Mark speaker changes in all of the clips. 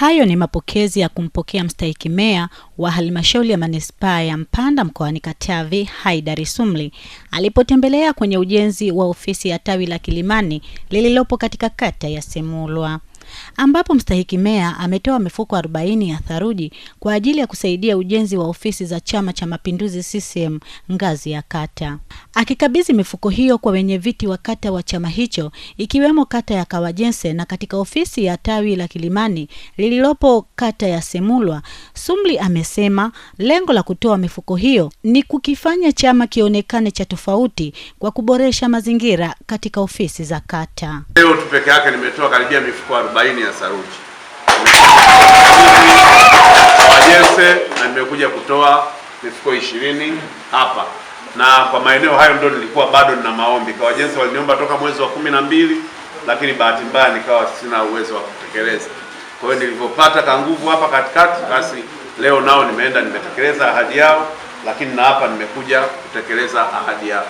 Speaker 1: Hayo ni mapokezi ya kumpokea mstahiki meya wa halmashauri ya manispaa ya Mpanda mkoani Katavi, haidari sumli alipotembelea kwenye ujenzi wa ofisi ya tawi la Kilimani lililopo katika kata ya Semulwa ambapo mstahiki meya ametoa mifuko 40 ya tharuji kwa ajili ya kusaidia ujenzi wa ofisi za Chama cha Mapinduzi CCM ngazi ya kata. Akikabidhi mifuko hiyo kwa wenye viti wa kata wa chama hicho ikiwemo kata ya Kawajense na katika ofisi ya tawi la Kilimani lililopo kata ya Semulwa, Sumli amesema lengo la kutoa mifuko hiyo ni kukifanya chama kionekane cha tofauti kwa kuboresha mazingira katika ofisi za kata.
Speaker 2: Leo tu peke yake nimetoa karibia mifuko 40 arobaini ya saruji wajese, na nimekuja kutoa mifuko ishirini hapa, na kwa maeneo hayo ndio nilikuwa bado nina maombi kwa wajenzi. Waliniomba toka mwezi wa kumi na mbili, lakini bahati mbaya nikawa sina uwezo wa kutekeleza. Kwa hiyo nilivyopata nguvu hapa katikati, basi leo nao nimeenda nimetekeleza ahadi yao, lakini na hapa nimekuja kutekeleza ahadi yao.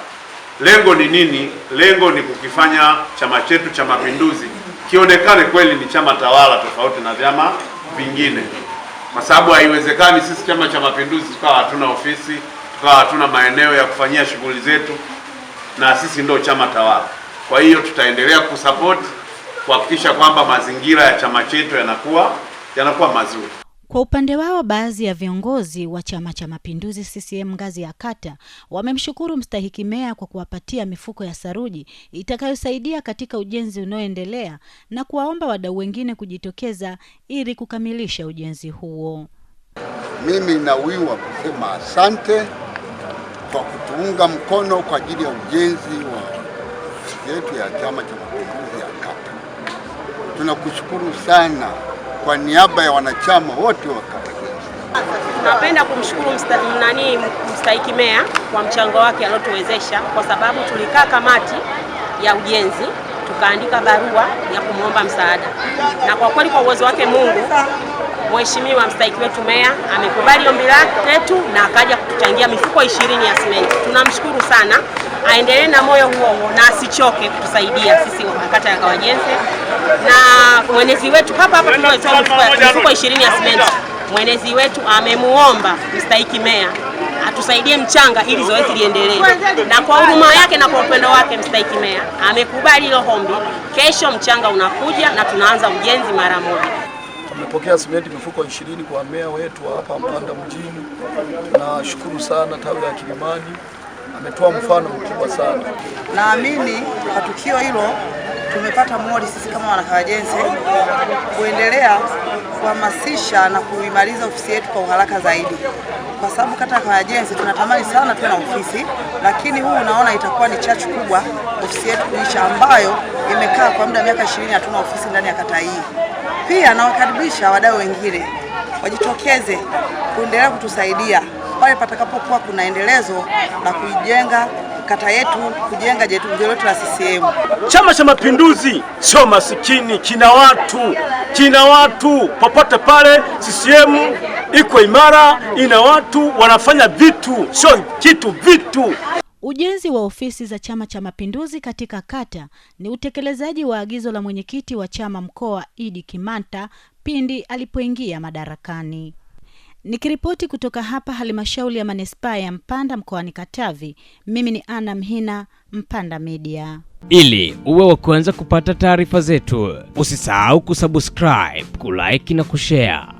Speaker 2: Lengo ni nini? Lengo ni kukifanya chama chetu cha Mapinduzi kionekane kweli ni chama tawala tofauti na vyama vingine, kwa sababu haiwezekani sisi Chama cha Mapinduzi tukawa hatuna ofisi tukawa hatuna maeneo ya kufanyia shughuli zetu, na sisi ndio chama tawala. Kwa hiyo tutaendelea kusapoti kuhakikisha kwamba mazingira ya chama chetu yanakuwa yanakuwa mazuri.
Speaker 1: Kwa upande wao baadhi ya viongozi wa Chama cha Mapinduzi CCM ngazi ya kata wamemshukuru mstahiki meya kwa kuwapatia mifuko ya saruji itakayosaidia katika ujenzi unaoendelea na kuwaomba wadau wengine kujitokeza ili kukamilisha ujenzi huo.
Speaker 3: Mimi nawiwa kusema asante kwa kutuunga mkono kwa ajili ya ujenzi wa yetu ya Chama cha Mapinduzi ya kata. Tunakushukuru sana kwa niaba ya wanachama wote wa kata.
Speaker 4: Napenda kumshukuru msta, nani mstahiki meya kwa mchango wake aliotuwezesha, kwa sababu tulikaa kamati ya ujenzi tukaandika barua ya kumwomba msaada, na kwa kweli kwa uwezo wake Mungu, mheshimiwa mstahiki wetu meya amekubali ombi letu na akaja kutuchangia mifuko ishirini ya simenti. Tunamshukuru sana aendelee na moyo huo huo na asichoke kutusaidia sisi kata ya Kawajense na mwenezi wetu hapa hapa tunaoitoa mifuko ishirini ya simenti. Mwenezi wetu amemuomba mstahiki meya atusaidie mchanga ili zoezi liendelee, na kwa huruma yake na kwa upendo wake mstahiki meya amekubali hilo ombi. Kesho mchanga unakuja na tunaanza ujenzi mara moja.
Speaker 5: Tumepokea simenti mifuko ishirini kwa meya wetu hapa Mpanda mjini. Nashukuru sana tawi la Kilimani ametoa mfano mkubwa sana.
Speaker 6: Naamini kwa tukio hilo tumepata mori sisi kama wanakawajense kuendelea kuhamasisha na kuimaliza ofisi yetu kwa uharaka zaidi, kwa sababu kata ya Kawajense tunatamani sana tuwe na ofisi, lakini huu unaona itakuwa ni chachu kubwa ofisi yetu kuisha, ambayo imekaa kwa muda miaka ishirini hatuna ofisi ndani ya kata hii. Pia nawakaribisha wadau wengine wajitokeze kuendelea kutusaidia pale patakapokuwa kuna endelezo la kuijenga kata yetu, kujenga jengo letu la CCM.
Speaker 7: Chama cha Mapinduzi sio masikini, kina watu, kina watu popote pale. CCM iko imara, ina watu wanafanya vitu, sio kitu, vitu.
Speaker 1: Ujenzi wa ofisi za Chama cha Mapinduzi katika kata ni utekelezaji wa agizo la mwenyekiti wa chama mkoa Idi Kimanta pindi alipoingia madarakani. Nikiripoti kutoka hapa halmashauri ya manispaa ya Mpanda mkoani Katavi, mimi ni Ana Mhina, Mpanda Media. Ili uwe wa kwanza kupata taarifa zetu, usisahau kusubscribe, kulike na kushare.